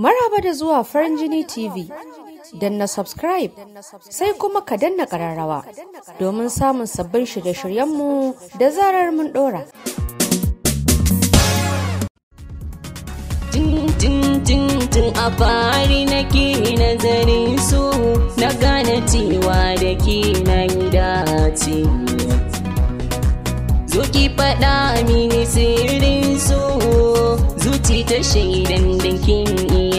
Maraba da zuwa farin jini TV. na subscribe sai kuma ka danna kararrawa domin samun sabbin shirye-shiryenmu da zarar mun dora. Tun a fari nake nazarin su na gane cewa da ke nan dace. Zo ki mini sirrin su zuci ta shaidan da kin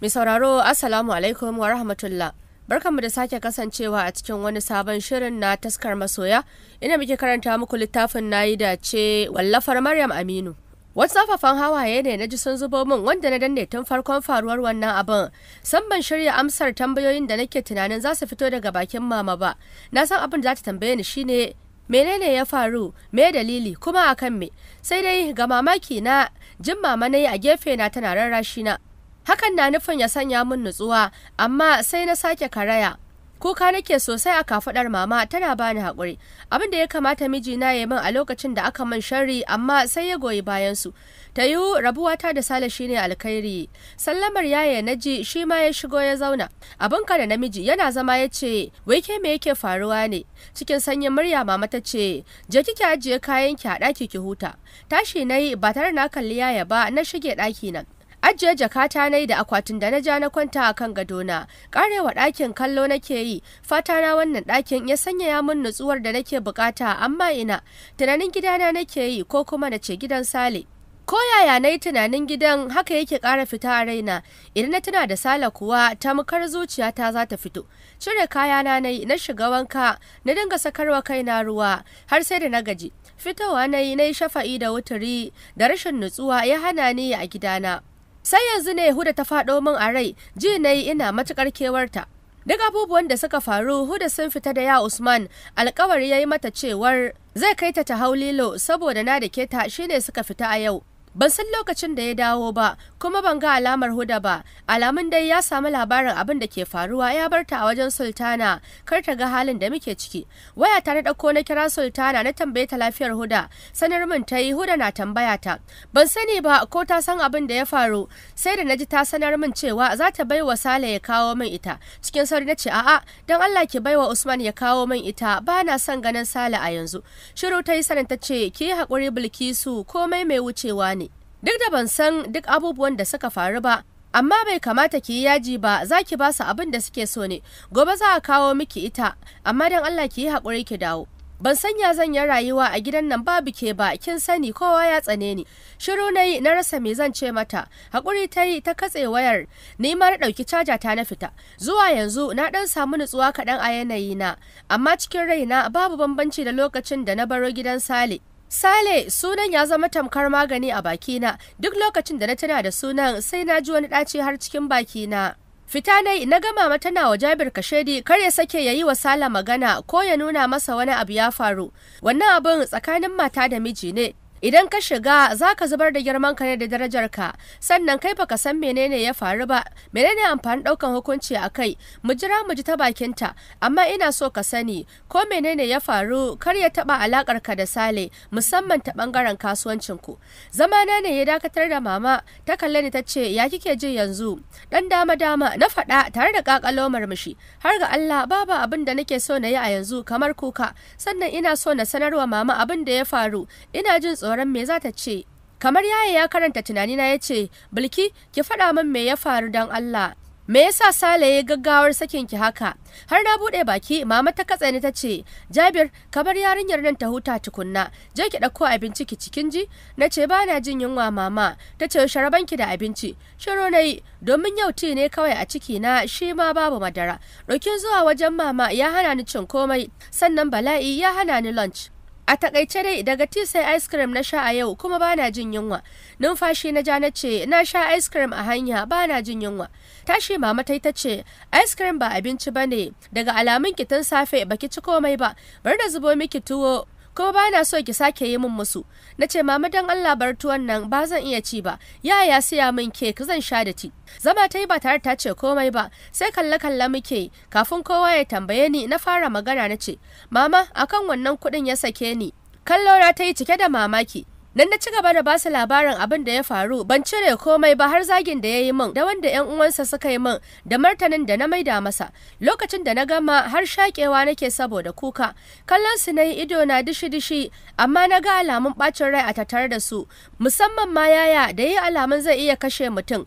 Mai sauraro Assalamu alaikum wa rahmatullah. Barkanmu da sake kasancewa a cikin wani sabon shirin na taskar masoya, ina muke karanta muku littafin nayi da ce wallafar Maryam Aminu. Wasu tsafafan hawaye ne na ji sun zubo min wanda na danne tun farkon faruwar wannan abin. San ban shirya amsar tambayoyin da nake tunanin za su fito daga bakin mama ba. Na san abin da za ta tambaye ni shine menene ya faru, me dalili kuma akan me. Sai dai ga mamaki na jin mama na yi a gefe na tana rarrashi na hakan na nufin ya sanya min nutsuwa amma sai na sake karaya kuka nake sosai a kafadar mama tana bani haƙuri abin da ya kamata mijina ya min a lokacin da aka man sharri amma sai ya goyi bayan su ta yiwu rabuwata da sale ne alkhairi sallamar yaya ji, shi ma ya shigo ya zauna abin ka da namiji yana zama ya ce wai ke me yake faruwa ne cikin sanyin murya mama ta ce je kike ajiye kayan ki a ɗaki ki huta tashi nayi ba tare na kalli yaya ba na shige ɗaki nan ajiye jakata na da akwatin da na ja na kwanta a kan gadona karewa ɗakin kallo nake yi fata na wannan ɗakin ya sanyaya min nutsuwar da nake bukata amma ina tunanin gidana nake yi ko kuma na ce gidan sale ko yaya na yi tunanin gidan haka yake ƙara fita a raina idan na tuna da sale kuwa tamkar zuciyata za ta fito cire kayana na yi na shiga wanka na dinga sakarwa kaina ruwa har sai da na gaji fitowa na yi na yi shafa'i da wuturi da rashin nutsuwa ya hana ni a gidana sai yanzu ne huda ta faɗo min a rai ji na yi ina matuƙar kewarta duk abubuwan da suka faru huda sun fita da ya usman alkawari ya yi mata cewar zai kai ta ta hau lilo saboda na da keta shine suka fita a yau ban san lokacin da ya dawo ba kuma ban ga alamar huda ba alamun dai ya samu labarin abin da ke faruwa ya barta a wajen sultana kar ta ga halin da muke ciki waya ta na ɗauko na kira sultana na tambaye ta lafiyar huda sanar min ta yi huda na tambaya ta ban sani ba ko ta san abin da ya faru sai da naji ta sanar min cewa za ta bai wa sale ya kawo min ita cikin sauri na ce a'a dan Allah ki bai wa Usman ya kawo min ita ba na son ganin sale a yanzu shiru ta yi sanin ta ce ki haƙuri Bilkisu komai mai wucewa ne duk da ban san duk abubuwan da suka faru ba amma bai kamata ki yi yaji ba za ki ba su abin da suke so ne gobe za a kawo miki ita amma don allah ki yi haƙuri ki dawo ban sanya zan yi rayuwa a gidan nan babu ke ba kin sani kowa ya tsane ni shiru na yi na rasa me zan ce mata Haƙuri ta yi ta katse wayar ni ma na ɗauki caja ta na fita zuwa yanzu na ɗan samu nutsuwa kaɗan a yanayi na amma cikin raina babu bambanci da lokacin da na baro gidan sale Sale sunan ya zama tamkar magani a bakina duk lokacin da na tuna da sunan sai na ji wani ɗaci har cikin bakina. Fita nai na gama mata na wa Jabir Kashedi kar ya sake yi wa Sala magana ko ya nuna masa wani abu ya faru. Wannan abin tsakanin mata da miji ne idan ka shiga za ka zubar da girman ka ne da darajar ka sannan kai baka san menene ya faru ba menene amfanin daukan hukunci a kai mu jira mu ji ta bakinta amma ina so ka sani ko menene ya faru kar ya taba alakar ka da sale musamman ta bangaren kasuwancin ku zamana ne ya dakatar da mama ta kalle ni ta ce ya kike jin yanzu dan dama dama na faɗa tare da kakalo mishi. har ga Allah babu abin da nake so na yi a yanzu kamar kuka sannan ina so na sanarwa mama abin da ya faru ina jin tsoron me za ta ce kamar yaya ya karanta tunanina ya ce bilki ki faɗa min me ya faru don allah me yasa sale ya gaggawar sakin ki haka har na buɗe baki mama ta katse ni ta ce. jabir ka yarinyar nan ta huta tukunna je ki ɗauko abinci ki cikin ji Na ce ba na jin yunwa mama tace sharaban ki da abinci shiro na yi, domin yau ti ne kawai a ciki na shi ma babu madara dokin zuwa wajen mama ya hana ni cin komai sannan bala'i ya hana ni lunch A takaice dai daga tisai sai ice cream na sha a yau kuma bana jin yunwa. Numfashi na ja na ce na sha ice cream a hanya bana jin yunwa. Tashi mama ta ita ce ice cream ba abinci bane daga alamun ki tun safe baki ci komai ba. Bar da zubo miki tuwo kuma ba na so ki sake yi min musu na ce mama dan Allah bar tuwon nan ba zan iya ci ba yaya ya siya min kek zan sha da ci zama ta yi ba tare ta ce komai ba sai kalle kalle muke kafin kowa ya tambaye ni na fara magana na ce mama akan wannan kuɗin ya sake ni kallo na ta yi cike da mamaki Nan na ci gaba da basu labarin abin da ya faru, ban cire komai ba har zagin da ya yi min da wanda 'yan uwansa suka yi min da martanin da na maida masa. Lokacin da na gama har shakewa nake saboda kuka. Kallon su na yi ido na dishi-dishi, amma na ga alamun bacin rai a tattare da su, musamman ma yaya da yi alamun zai iya kashe mutum.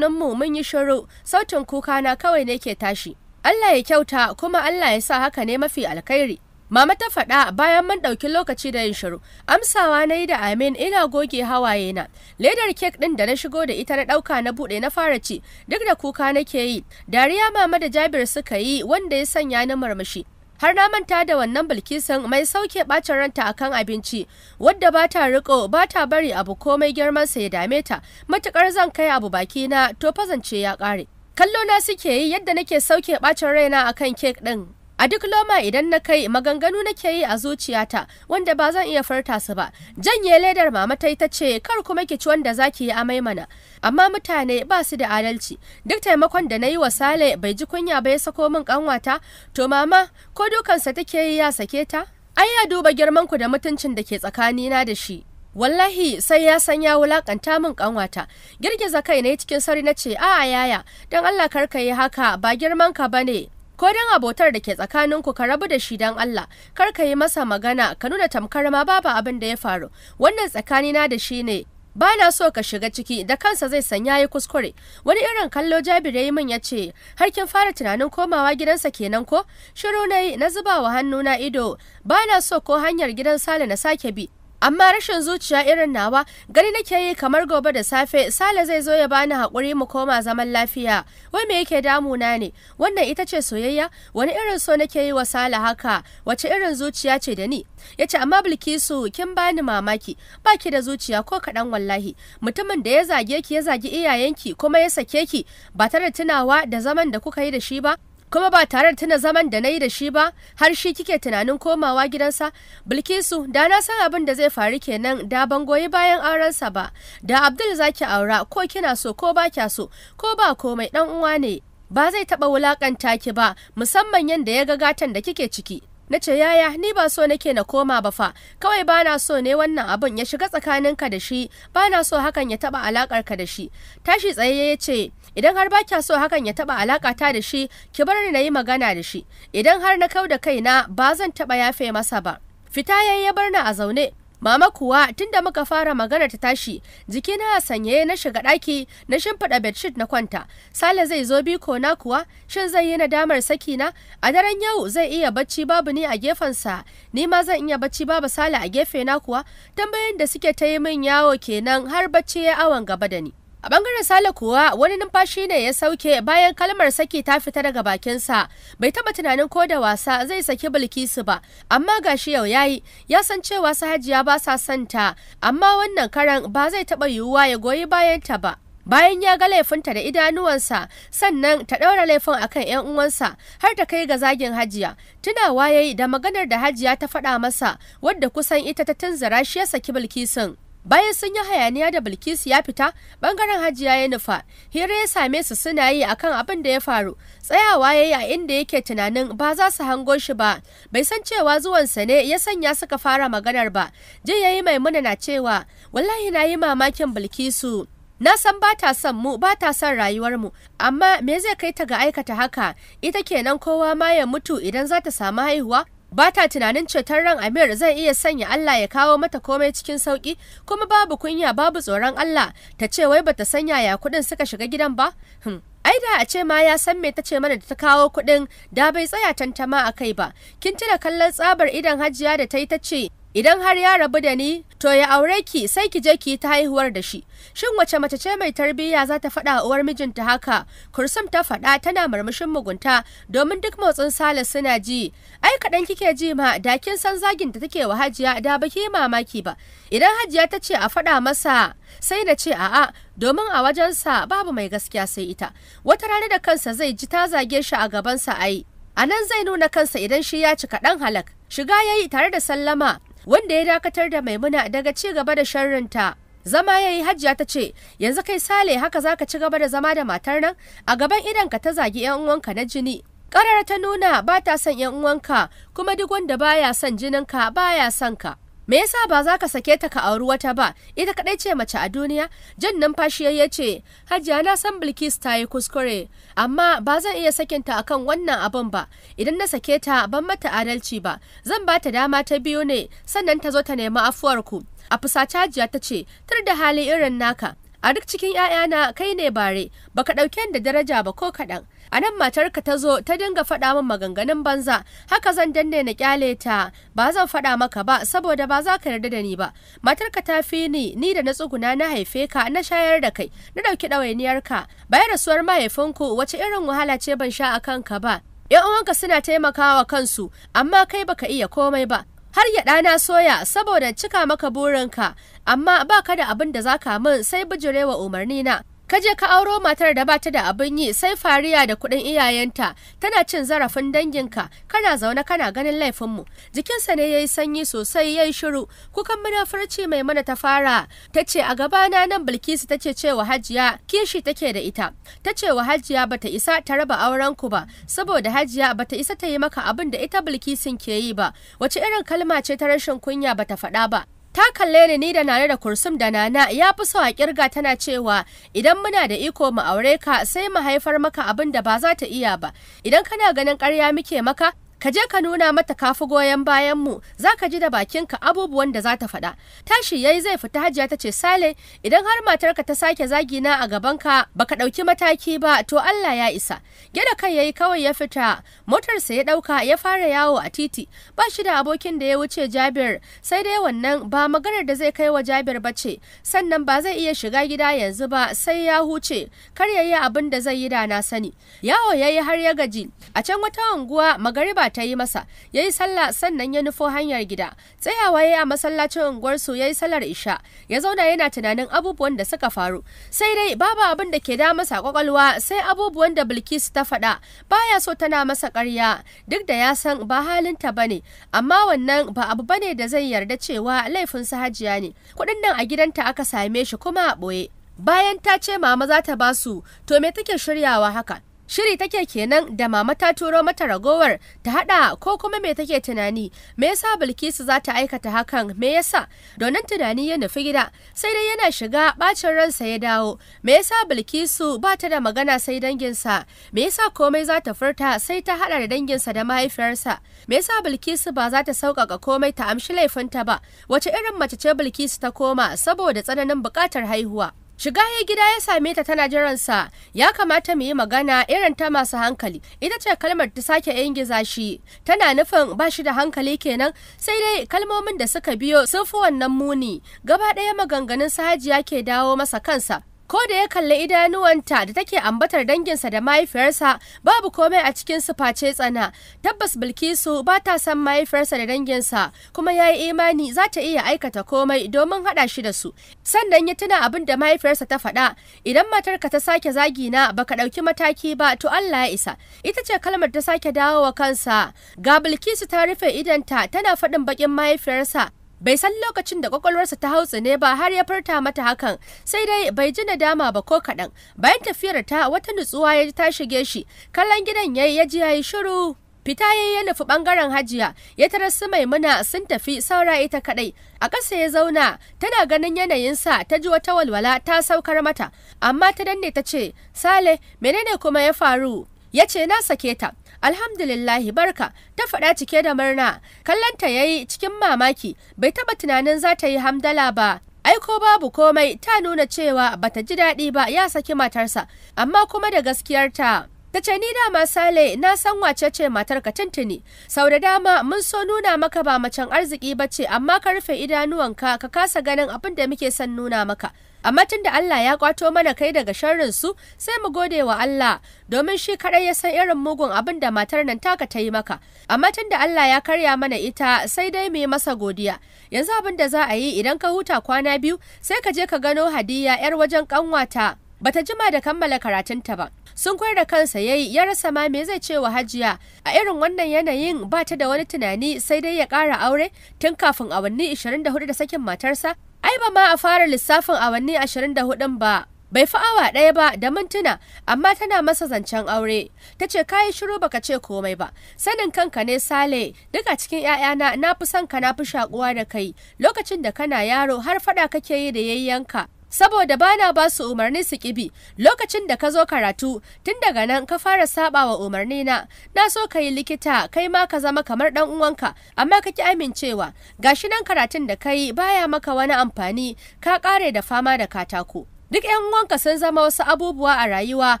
mu mun yi shiru, sautin kuka na kawai ne ke tashi. Allah ya kyauta kuma Allah ya sa haka ne mafi alkhairi. Mama ta faɗa bayan mun ɗauki lokaci da yin shiru. Amsawa na yi da amin ina goge hawaye na. Ledar kek ɗin da na shigo da ita na ɗauka na buɗe na fara ci duk da kuka nake yi. Dariya mama da Jabir suka yi wanda ya sanya ni marmashi har na manta da wannan Bilkisun mai sauke bacin ranta akan abinci wadda ba ta riko ba ta bari abu komai girman sa ya dame ta matukar zan kai abu baki na to fazance ya ƙare. kallo na suke yi yadda nake sauke bacin raina akan kek ɗin. a duk loma idan na kai maganganu nake yi a zuciyata wanda ba zan iya farta su ba janye ledar mama ta ta ce kar kuma ki ci wanda zaki yi amai mana amma mutane ba su da adalci duk taimakon da na yi wa sale bai ji kunya ba ya sako min kanwata to mama ko dukansa take yi ya sake ta ai ya duba girman ku da mutuncin da ke tsakanina da shi wallahi sai ya san ya wulakanta min kanwata girgiza kai ne cikin sari na ce a yaya don allah kar ka yi haka ba girman ka ne. ko dan abotar da ke tsakaninku ka rabu da shi dan Allah kar ka yi masa magana ka nuna tamkar ma babu abin da ya faru wannan tsakanina da shi ne ba na so ka shiga ciki da kansa zai sanya yi kuskure wani irin kallo jabir ya min ya ce har kin fara tunanin komawa gidansa kenan ko shiru na na zuba wa hannu na ido ba na so ko hanyar gidan sale na sake bi amma rashin zuciya irin nawa gani nake yi kamar gobe da safe sale zai zo ya bani haƙuri mu koma zaman lafiya wai me yake damuna ne wannan ita ce soyayya wani irin so nake yi wa sale haka wace irin zuciya ce da ni ya ce amma bilkisu kin bani mamaki baki da zuciya ko kaɗan wallahi mutumin da ya zage ki ya zagi iyayenki kuma ya sake ki ba tare tunawa da zaman da kuka yi da shi ba kuma ba tare da tuna zaman da na yi da shi ba har shi kike tunanin komawa gidansa bilkisu da na san abin da zai faru kenan da ban goyi bayan aurensa ba da abdul zaki aura ko kina so ko ba kya so ko ba komai dan uwa ne ba zai taba wulakanta ki ba musamman yadda ya ga gatan da kike ciki na ce yaya ni ba so nake na koma ba fa kawai ba na so ne wannan abun. ya shiga tsakaninka da shi ba na so hakan ya taba alakar ka da shi tashi tsaye ya ce idan har ba so hakan ya taba alaka da shi ki bar ni na yi magana da shi idan har na kau da kaina ba zan taba yafe masa ba fita yayi ya bar ni a zaune mama kuwa tunda muka fara magana ta tashi jikina na sanyaye na shiga ɗaki na shimfiɗa bedsheet na kwanta sale zai zo biko na kuwa shin zai yi nadamar saki na a daren yau zai iya bacci babu ni a gefensa ni ma zan iya bacci babu sale a gefe na kuwa tambayoyin da suke ta yi min yawo kenan har bacci ya awon gaba da ni A bangaren Sale kuwa wani numfashi ne ya sauke bayan kalmar saki ta fita daga bakinsa. Bai taba tunanin ko da wasa zai saki Bilkisu ba, amma gashi yau yayi ya san cewa su Hajiya ba sa son ta, amma wannan karan ba zai taba yiwuwa ya goyi bayanta ba. Bayan ya ga laifinta da idanuwansa, sannan ta ɗaura laifin akan 'yan uwansa har ta kai ga zagin Hajiya. Tunawa yayi da maganar da Hajiya ta faɗa masa, wadda kusan ita ta tunzara shi ya saki Bilkisun. bayan sun yi hayaniya da bilkisu ya fita bangaren hajiya ya nufa hira ya same su suna yi akan abin da ya faru tsayawa ya yi a inda yake tunanin ba za su hango shi ba bai san cewa zuwansa ne ya sanya suka fara maganar ba jin ya yi maimuna na cewa wallahi na yi mamakin bilkisu na san ba ta son mu ba ta son rayuwarmu amma me zai kai ta ga aikata haka ita kenan kowa ma ya mutu idan za ta samu haihuwa ba ta tunanin ceton ran Amir zai iya sanya Allah ya kawo mata komai cikin sauki kuma babu kunya babu tsoron Allah ta ce wai bata san yaya kuɗin suka shiga gidan ba hmm. ai da a ce ma ya san me ta ce mana da ta kawo kuɗin da bai tsaya tantama a kai ba kin tuna kallon tsabar idan hajiya da ta yi ta ce idan har ya rabu da ni to ya aure ki sai ki je ki ta haihuwar da shi shin wace mace ce mai tarbiyya za ta faɗa uwar mijinta haka kursum ta faɗa tana marmashin mugunta domin duk motsin salis suna ji ai kaɗan kike ji ma da kin san zagin da take wa hajiya da baki mamaki ba idan hajiya ta ce a faɗa masa sai na ce a'a domin a wajensa babu mai gaskiya sai ita wata rana da kansa zai ji ta zage shi a gabansa ai a nan zai nuna kansa idan shi ya ci kaɗan halak shiga ya yi tare da sallama wanda ya dakatar da maimuna daga ci gaba da sharrinta zama ya yi hajjiya ta ce yanzu kai sale haka zaka ci gaba da zama da matar nan a gaban ka ta zagi yan uwanka na jini karar ta nuna ba ta son yan uwanka kuma duk wanda baya son jininka baya son ka me yasa ba za ka sake ta ka auri wata ba ita kaɗai ce mace a duniya jan numfashi ya ce hajiya na san bilkis ta yi kuskure amma ba zan iya sakin ta akan wannan abun ba idan na sake ta ban mata adalci ba zan ba ta dama ta biyu ne sannan ta zo ta nemi afuwar ku a fusace hajiya ta ce tur da hali irin naka a duk cikin ‘ya'yana kai ne bare baka ɗauke da daraja ba ko kaɗan a nan matarka ta zo ta dinga faɗa min maganganun banza haka zan danne na kyale ta ba zan faɗa maka ba saboda ba za ka yarda da ni ba matarka ta fi ni ni da na tsuguna na haife ka na shayar da kai na ɗauki ɗawainiyarka bayan rasuwar mahaifinku wace irin wahala ce ban sha a kanka ba ‘Yan uwanka suna taimakawa kansu, amma kai baka iya komai ba, har ya ɗana soya saboda cika maka burinka, amma ba ka da abin da za ka min sai bijirewa umarnina. ka ka auro matar da bata da abin yi sai fariya da kuɗin iyayenta tana cin zarafin danginka kana zaune kana ganin laifinmu jikinsa ne yayi sanyi sosai yayi shiru kukan munafurci mai mana ta fara ta ce a gabana nan bilkisu ta ce cewa hajiya kishi take da ita ta ce wa hajiya bata isa ta raba auren ku ba saboda hajiya bata isa ta yi maka abin da ita bilkisin ke yi ba wace irin kalma ce ta rashin kunya bata faɗa ba ta kalle ni ni da nare da kursum da nana ya fi so a kirga tana cewa idan muna da iko mu aure ka sai mu haifar maka abin da ba za ta iya ba idan kana ganin karya muke maka ka je ka nuna mata kafi goyon bayan mu za ka ji da bakinka abubuwan da za ta faɗa tashi yayi zai fita hajiya ta ce sale idan har matarka ta sake zagi na a gabanka baka ɗauki mataki ba to Allah ya isa gyada kai yayi kawai ya fita motarsa ya ɗauka ya fara yawo a titi ba shi da abokin da ya wuce Jabir sai dai wannan ba maganar da zai kai wa Jabir ba ce sannan ba zai iya shiga gida yanzu ba sai ya huce kar yayi abin da zai yi da na sani yawo yayi har ya gaji a can wata unguwa magariba ta yi masa ya yi sallah sannan ya nufo hanyar gida tsayawa ya yi a masallacin unguwarsu ya yi sallar isha ya zauna yana tunanin abubuwan da suka faru sai dai babu abin da ke da masa kwakwalwa sai abubuwan da bilkisu ta faɗa baya so tana masa ƙarya duk da ya san ba halinta ba ne amma wannan ba abu bane da zai yarda cewa laifin su hajiya ne kuɗin nan a gidanta aka same shi kuma a ɓoye bayan ta ce mama za ta ba su to me take shiryawa haka shiri take kenan da mama ta turo mata ragowar ta hada ko kuma me take tunani me yasa bilkisu za ta aikata hakan me yasa donin tunani ya nufi gida sai dai yana shiga bacin ransa ya dawo me yasa bilkisu ba ta da magana sai danginsa me yasa komai za ta furta sai ta hada da danginsa da mahaifiyarsa me yasa bilkisu ba za ta sauƙaƙa komai ta amshi laifinta ba wace irin mace ce bilkisu ta koma saboda tsananin buƙatar haihuwa Shiga ya gida ya same ta tana jiransa, ya kamata mu yi magana irin ta masu hankali, ita ce kalmar ta sake ingiza shi, tana nufin ba shi da hankali kenan sai dai kalmomin da suka biyo sun fi wannan muni, gaba ɗaya maganganun sahajiya ke dawo masa kansa. ko da ya kalli idanuwanta da take ambatar danginsa da mahaifiyarsa babu komai a cikin su face tsana tabbas bilkisu ba ta san mahaifiyarsa da danginsa kuma ya yi imani za ta iya aikata komai domin haɗa shi da su sannan ya tuna abin da mahaifiyarsa ta faɗa idan matarka ta sake zagi na baka ɗauki mataki ba to Allah ya isa ita ce kalmar ta sake dawowa kansa ga bilkisu ta rufe idanta tana faɗin baƙin mahaifiyarsa bai san lokacin da kwakwalwarsa ta hau ne ba har ya farta mata hakan sai dai bai ji nadama ba ko kaɗan bayan tafiyar ta wata nutsuwa ya ta shige shi kallon gidan ya ya ji ya yi shiru fita ya yi nufi bangaren hajiya ya tara su maimuna sun tafi saura ita kaɗai a ƙasa ya zauna tana ganin yanayin sa, ta ji wata walwala ta saukar mata amma ta danne ta ce sale menene kuma ya faru ya ce na sake ta alhamdulillahi barka ta faɗa cike da murna kallanta ya yi cikin mamaki bai taɓa tunanin za ta yi hamdala ba aiko babu komai ta nuna cewa bata ji daɗi ba ya saki matarsa amma kuma da gaskiyarta ta ce ni dama sale na san wace ce matar ka tuntuni sau da dama mun so nuna maka ba macen arziki ba ce amma ka rufe idanuwanka ka kasa ganin abin da muke son nuna maka amma da Allah ya kwato mana kai daga sharrin su sai mu gode wa Allah domin shi kadai ya san irin mugun abin da matar nan taka ta yi maka amma da Allah ya karya mana ita sai dai mu yi masa godiya yanzu abin da za a yi idan ka huta kwana biyu sai ka je ka gano hadiya yar wajen kanwata bata jima da kammala karatunta ba sun koyar da kansa yayi ya rasa ma me zai ce wa hajiya a irin wannan yanayin ba ta da wani tunani sai dai ya ƙara aure tun kafin awanni 24 da sakin matarsa ai ba ma a fara lissafin awanni 24 ba bai fi awa ɗaya ba da mintuna amma tana masa zancen aure ta ce kayi shiru baka ce komai ba sanin kanka ne sale duk cikin ‘ya'yana na fi son ka na fi shakuwa da kai lokacin da kana yaro har faɗa kake yi da yayyanka saboda bana ba su umarni su kibi lokacin da ka zo karatu tun daga nan ka fara saba wa umarni na na so ka yi likita kai ma ka zama kamar dan uwanka amma ka ki amincewa gashi nan karatun da kai baya maka wani amfani ka kare da fama da katako duk 'yan uwanka sun zama wasu abubuwa a rayuwa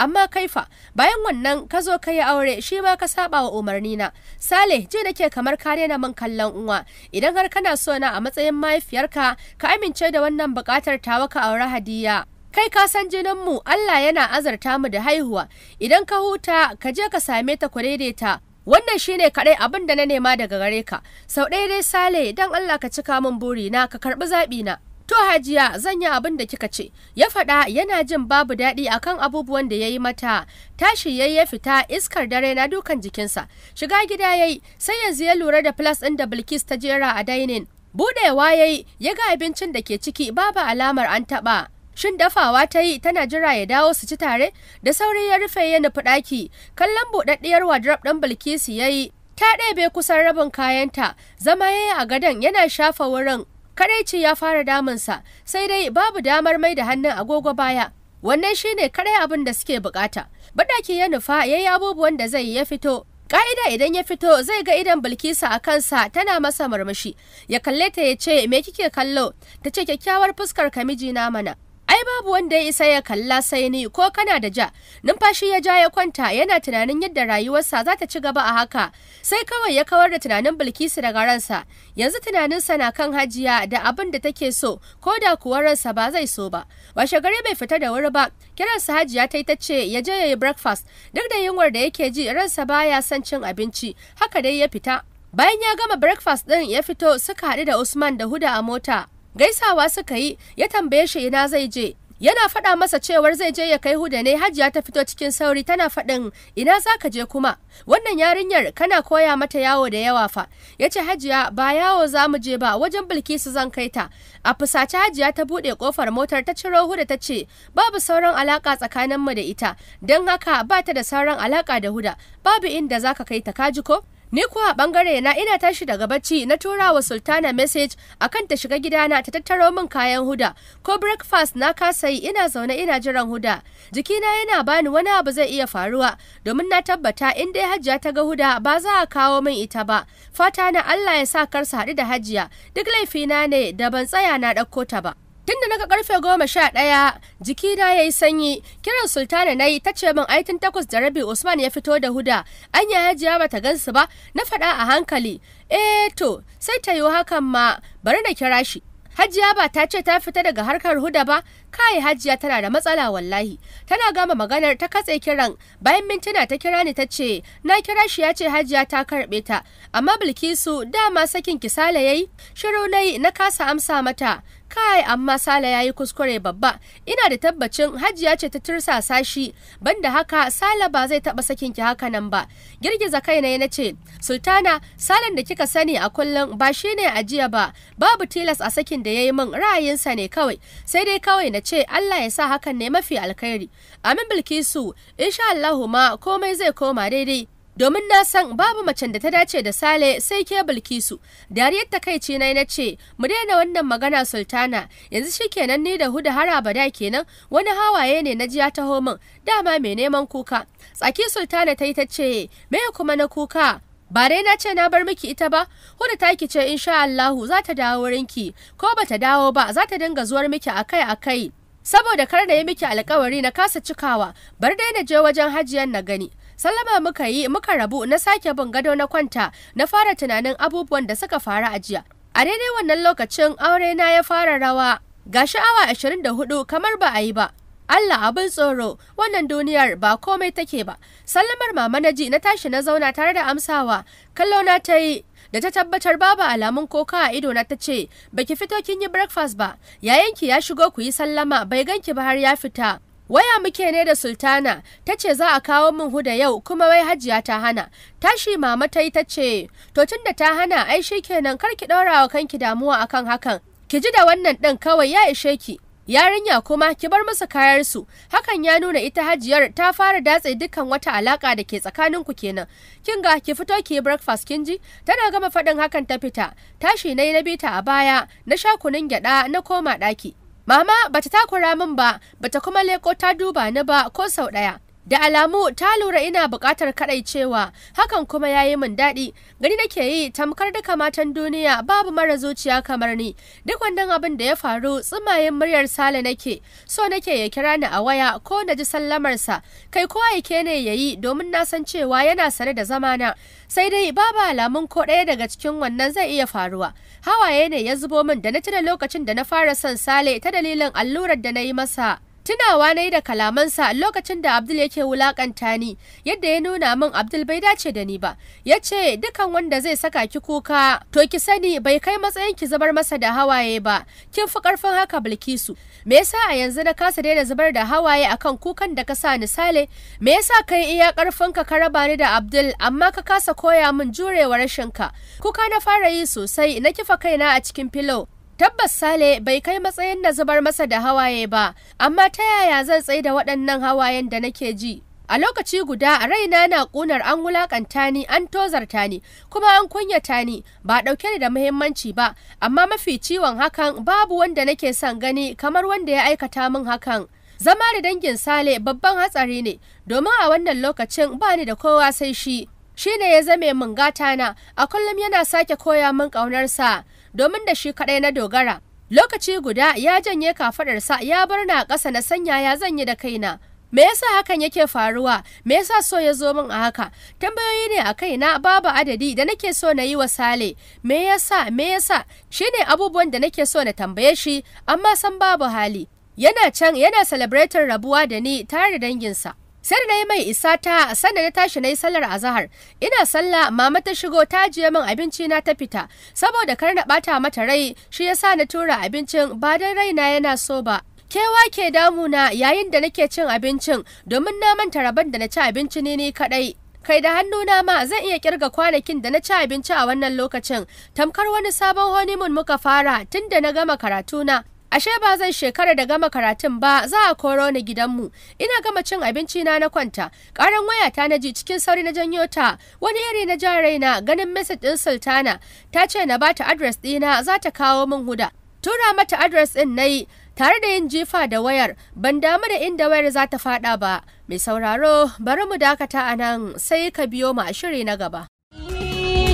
amma kaifa bayan wannan ka zo ka yi aure shi ma ka saba wa umarni na sale ji nake kamar ka rena min kallon uwa idan har kana so na a matsayin mahaifiyarka ka amince da wannan bukatar tawa ka aure hadiya kai ka san mu Allah yana azarta mu da haihuwa idan ka huta ka je ka same ta ku daidaita wannan shine kadai abin da na nema daga gare ka sau ɗaya dai sale dan Allah ka cika min buri na ka karɓi zaɓi na To Hajiya zan yi abin da kika ce, ya faɗa yana jin babu daɗi akan abubuwan da ya yi mata, tashi ya ya fita iskar dare na dukan jikinsa, shiga gida ya sai yanzu ya lura da plus ɗin da Bilkis ta jera a dainin. Buɗewa ya yi, ya ga abincin da ke ciki babu alamar an taɓa. Shin dafawa ta yi tana jira ya dawo su ci tare? Da sauri ya rufe ya nufi ɗaki, kallon buɗaɗɗiyar wardrobe ɗin Bilkisu ya yi, ta ɗebe kusan rabin kayanta, zama ya yi a gadon yana shafa wurin Karaici ya fara damunsa sai dai babu damar mai da hannun agogo baya. Wannan shine karai abin da suke bukata. Baɗaki ya nufa ya yi abubuwan da zai ya fito. Ƙa'ida idan ya fito zai ga idan bilkisa a kansa tana masa murmushi. Ya kalle ta ya ce me kike kallo? Ta ce kyakkyawar fuskar ka na mana. ai babu wanda ya isa ya kalla sai ni ko kana da ja numfashi ya ja ya kwanta yana tunanin yadda rayuwarsa za ta ci gaba a haka sai kawai ya kawar da tunanin bilkisu daga ransa yanzu tunaninsa na kan hajiya da abin da take so ko da kuwa ransa ba zai so ba washe gari bai fita da wuri ba kiransa hajiya ta yi ta ce ya je ya yi breakfast duk da yunwar da yake ji ransa baya son cin abinci haka dai ya fita bayan ya gama breakfast din ya fito suka haɗu da usman da huda a mota gaisawa suka yi ya tambaye shi ina zai je yana faɗa masa cewar zai je ya kai huda ne hajiya ta fito cikin sauri tana faɗin ina za ka je kuma wannan yarinyar kana koya mata yawo da yawa fa ya ce hajiya ba yawo za mu je ba wajen bilkisu zan kai ta a fusace hajiya ta buɗe ƙofar motar ta ciro huda ta ce babu sauran alaƙa mu da ita don haka ba ta da sauran alaƙa da huda babu inda za ka kai ta kaji ko Ni kuwa bangare na ina tashi daga bacci na tura wa Sultana message kan ta shiga gidana ta tattaro min kayan huda ko breakfast na kasa yi ina zaune ina jiran huda. Jikina yana bani wani abu zai iya faruwa domin na tabbata in dai Hajiya ta ga huda ba za a kawo min ita ba. Fata na Allah ya sa kar haɗu da Hajiya duk laifina ne da ban tsaya na ɗauko ta ba. tunda naga karfe goma sha ɗaya jiki na yayi sanyi kiran sultana nayi yi ta ce min aitin takwas da rabi usman ya fito da huda anya ya hajiya bata gansu ba na faɗa a hankali eh to sai ta yi hakan ma bari na kira shi hajiya ba ta ce ta fita daga harkar huda ba kai hajiya tana da matsala wallahi tana gama maganar ta katse kiran bayan mintuna ta kira ni ta ce na kira shi ya ce hajiya ta karɓe ta amma bilkisu dama sakin kisala yayi shiru nayi na kasa amsa mata kai amma sala ya yi kuskure babba ina da tabbacin hajiya ce ta tursasa shi banda haka sala ba zai taba sakin ki haka nan ba girgiza kai na nace. sultana salan da kika sani a kullum ba shi ne ajiya ba babu tilas a sakin da ya yi min ra'ayinsa ne kawai sai dai kawai na ce allah ya sa hakan ne mafi alkhairi amin bilkisu insha allahu ma komai zai koma daidai domin na san babu macen da ta dace da Sale sai ke Bilkisu. Dariyar takaici na na ce, mu daina wannan magana sultana, yanzu shi kenan ni da huda har abada kenan wani hawaye ne na jiya ta homin, dama mai neman kuka. Tsaki sultana ta yi ta ce, me kuma na kuka? Ba dai na ce na bar miki ita ba, huda ta ki ce insha Allahu za ta dawo wurinki, ko ba ta dawo ba za ta dinga zuwar miki akai-akai. saboda kar na yi miki alkawari na kasa cikawa bar dai na je wajen hajiyan na gani sallama muka yi muka rabu na sake bin gado na kwanta na fara tunanin abubuwan da suka faru a jiya a daidai wannan lokacin aure na ya fara rawa ga sha'awa 24 kamar ba a yi ba Allah abin tsoro wannan duniyar ba komai take ba sallamar mama na ji na tashi na zauna tare da amsawa kallo na ta yi da ta tabbatar babu alamun koka a ido na ta ce baki fito kin yi breakfast ba yayanki ya shigo ku yi sallama bai ganki ba har ya fita Waya muke ne da Sultana, ta ce za a kawo min huda yau kuma wai hajiya ta hana. Tashi mama ta yi ta ce, to tun da ta hana ai shi kenan kar ki ɗaura wa kanki damuwa akan hakan. Ki ji da wannan ɗin kawai ya ishe ki. Yarinya kuma ki bar musu kayarsu, hakan ya nuna ita hajiyar ta fara datse dukkan wata alaka da ke tsakanin ku kenan. Kin ga ki fito ki breakfast kin ji? Tana gama faɗin hakan ta fita, tashi na na bita a baya, na sha kunun gyaɗa na koma ɗaki. Mama bata takura min ba, bata kuma leko ta duba ni ba ko sau ɗaya. Da alamu ta lura ina bukatar buƙatar cewa hakan kuma ya yi min daɗi. Gani nake yi tamkar duka matan duniya babu mara zuciya kamar ni. Duk wannan abin da ya faru tsumayen muryar Sale nake, so nake ya kira ni a waya ko na ji sallamarsa. Kai ko aike ne ya yi domin na san cewa yana sane da zamana. Sai dai babu alamun ko ɗaya daga cikin wannan zai iya faruwa. Hawaye ne ya zubo min da na tuna lokacin da na fara son Sale ta dalilin allurar da na yi masa. Tunawa na yi da kalamansa lokacin da Abdul yake wulakanta ni, yadda ya nuna min Abdul bai dace da ni ba. Ya ce, dukan wanda zai saka ki kuka, to ki sani bai kai matsayin ki zubar masa da hawaye ba, kin fi karfin haka Bilkisu. Me yasa a yanzu na kasa daina zubar da hawaye akan kukan da ka sa ni sale? Me yasa kai iya karfin ka raba ni da Abdul amma ka kasa koya min jurewa rashin ka? Kuka na fara yi sosai, na kifa kaina a cikin filo. Tabbas Sale bai kai matsayin na zubar masa da hawaye ba, amma ta yaya zan tsaye da waɗannan hawayen da nake ji? A lokaci guda a raina na ƙunar an wulaƙanta ni, an tozarta ni, kuma an kunyata ni, ba ɗauke ni da muhimmanci ba, amma mafi ciwon hakan babu wanda nake son gani kamar wanda ya aikata min hakan. Zama da dangin Sale babban hatsari ne, domin a wannan lokacin ba ni da kowa sai shi. Shi ne ya zame mun gata na, a kullum yana sake koya min ƙaunarsa. domin da shi kaɗai na dogara lokaci guda ya janye kafaɗarsa ya bar na ƙasa na sanya ya yi da kaina me yasa hakan yake faruwa me yasa so ya zo min a haka tambayoyi ne a kaina babu adadi da nake so na yi wa sale me yasa me yasa shine abubuwan da nake so na tambaye shi amma san babu hali yana can yana celebrating rabuwa da ni tare danginsa sai da na yi mai isa ta sannan na tashi na yi sallar azahar ina sallah mama ta shigo ta jiya min abinci na ta fita saboda kar na bata mata rai shi yasa na tura abincin ba dan raina yana so ba kewa ke damuna yayin da nake cin abincin domin na manta rabon da na ci abinci ne ni kadai kai da hannuna ma zan iya kirga kwanakin da na ci abinci a wannan lokacin tamkar wani sabon honeymoon muka fara tunda na gama karatuna ashe ba zan shekara da gama karatun ba za a koro ni gidanmu ina gama cin abinci na na kwanta karan waya na ji cikin sauri na janyo ta wani iri na jan raina ganin message din sultana ta ce na bata address dina za ta kawo min huda tura mata address din nayi tare da yin jifa da wayar ban damu da inda wayar za ta fada ba mai sauraro bari mu dakata a nan sai ka biyo mu a shiri na gaba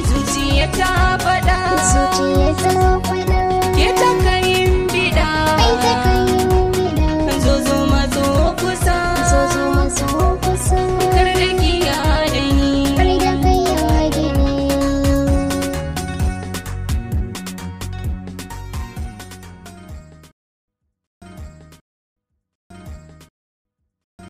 Zuciya ta faɗa, zuciya ta faɗa, ta gida.